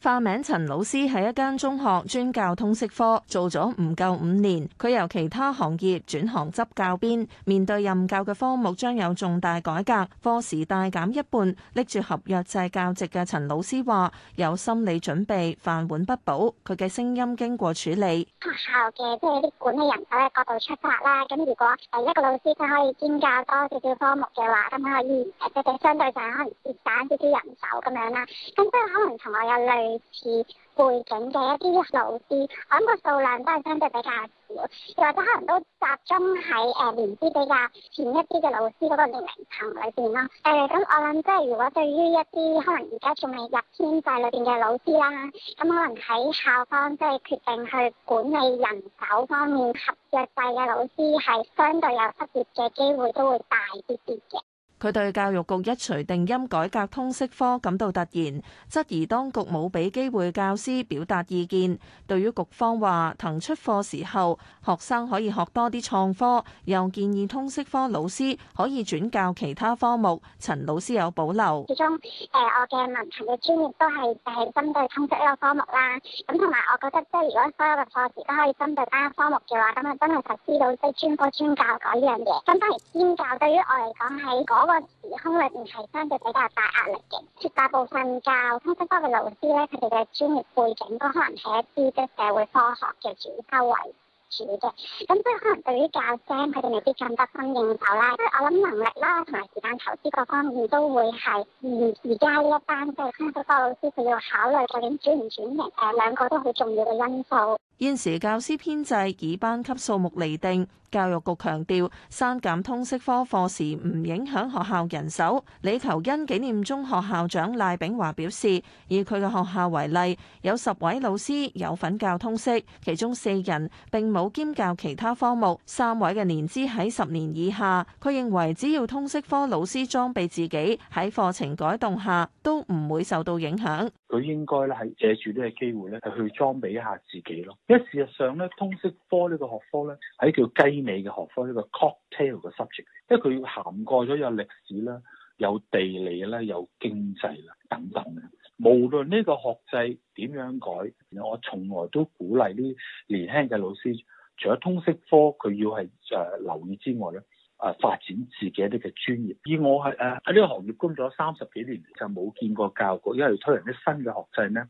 化名陳老師喺一間中學專教通識科，做咗唔夠五年。佢由其他行業轉行執教鞭，面對任教嘅科目將有重大改革，課時大減一半。拎住合約制教席嘅陳老師話：有心理準備，飯碗不保。佢嘅聲音經過處理。學校嘅即係啲管理人手嘅角度出發啦，咁如果誒，一個老師佢可以兼教多少少科目嘅話，咁佢可以誒，即係相對上可能節省少少人手咁樣啦。咁即係可能同學又類。類似背景嘅一啲老師，我諗個數量都係相對比較少，又或者可能都集中喺誒、呃、年資比較前一啲嘅老師嗰個年齡層裏邊咯。誒、呃，咁我諗即係如果對於一啲可能而家仲未入編制裏邊嘅老師啦，咁可能喺校方即係決定去管理人手方面合約制嘅老師係相對有失業嘅機會都會大啲啲嘅。佢對教育局一槌定音改革通識科感到突然，質疑當局冇俾機會教師表達意見。對於局方話騰出課時後學生可以學多啲創科，又建議通識科老師可以轉教其他科目，陳老師有保留。始終誒，我嘅文憑嘅專業都係係針對通識呢個科目啦。咁同埋我覺得即係如果所有嘅課時都可以針對啱科目嘅話，咁啊真係實施到即係專科專教嗰樣嘢。咁反而，兼教對於我嚟講喺個時空裏面係相對比較大壓力嘅，絕大部分教通識科嘅老師咧，佢哋嘅專業背景都可能係一啲嘅社會科學嘅主修位嘅，咁所以可能對於教師，佢哋未必盡得心應手啦。所以我諗能力啦，同埋時間投資各方面都會係，而而家呢一班即係通識科老師，佢要考慮究竟轉唔轉型，誒，兩個都好重要嘅因素。現時教師編制以班級數目釐定，教育局強調刪減通識科課時唔影響學校人手。李求恩紀念中學校長賴炳華表示，以佢嘅學校為例，有十位老師有份教通識，其中四人並冇有兼教其他科目，三位嘅年資喺十年以下。佢認為只要通識科老師裝備自己喺課程改動下，都唔會受到影響。佢應該咧係借住呢個機會咧，係去裝備一下自己咯。因為事實上咧，通識科呢個學科咧，係叫雞尾嘅學科，呢個 cocktail 嘅 subject，因為佢涵蓋咗有歷史啦、有地理啦、有經濟啦等等嘅，無論呢個學制點樣改，我從來都鼓勵啲年輕嘅老師。除咗通識科，佢要係誒、啊、留意之外咧，誒、啊、發展自己一啲嘅專業。而我係誒喺呢個行業工咗三十幾年，就冇見過教育局因為推行啲新嘅學制咧，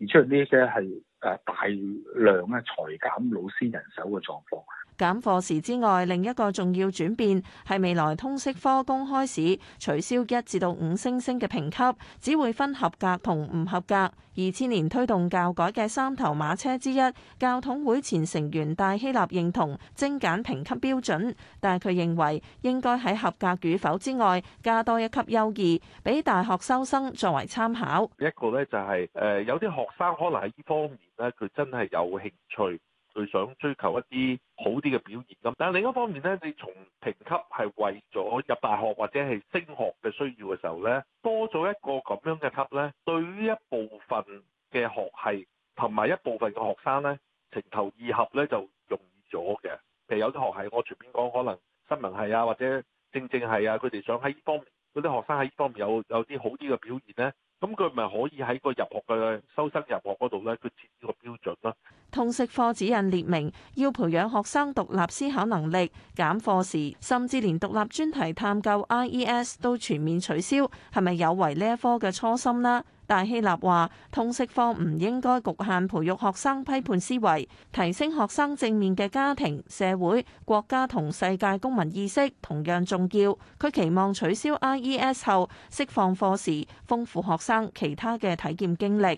而將呢啲係誒大量嘅裁減老師人手嘅狀況。減課時之外，另一個重要轉變係未來通識科公開試取消一至到五星星嘅評級，只會分合格同唔合格。二千年推動教改嘅三頭馬車之一，教統會前成員戴希立認同精簡評級標準，但係佢認為應該喺合格與否之外加多一級優異，俾大學收生作為參考。一個呢就係、是、誒，有啲學生可能喺呢方面呢，佢真係有興趣。佢想追求一啲好啲嘅表現，咁，但係另一方面呢，你從評級係為咗入大學或者係升學嘅需要嘅時候呢，多咗一個咁樣嘅級呢，對呢一部分嘅學系同埋一部分嘅學生呢，情投意合呢就容易咗嘅。譬如有啲學系，我隨便講可能新聞系啊，或者政政系啊，佢哋想喺呢方面，嗰啲學生喺呢方面有有啲好啲嘅表現呢。咁佢咪可以喺個入學嘅收生入學嗰度咧，佢設置個標準咯。通識課指引列明要培養學生獨立思考能力，減課時，甚至連獨立專題探究 I E S 都全面取消，係咪有違呢一科嘅初心呢？戴希立話：通識課唔應該局限培育學生批判思維，提升學生正面嘅家庭、社會、國家同世界公民意識同樣重要。佢期望取消 IES 後，釋放課時，豐富學生其他嘅體驗經歷。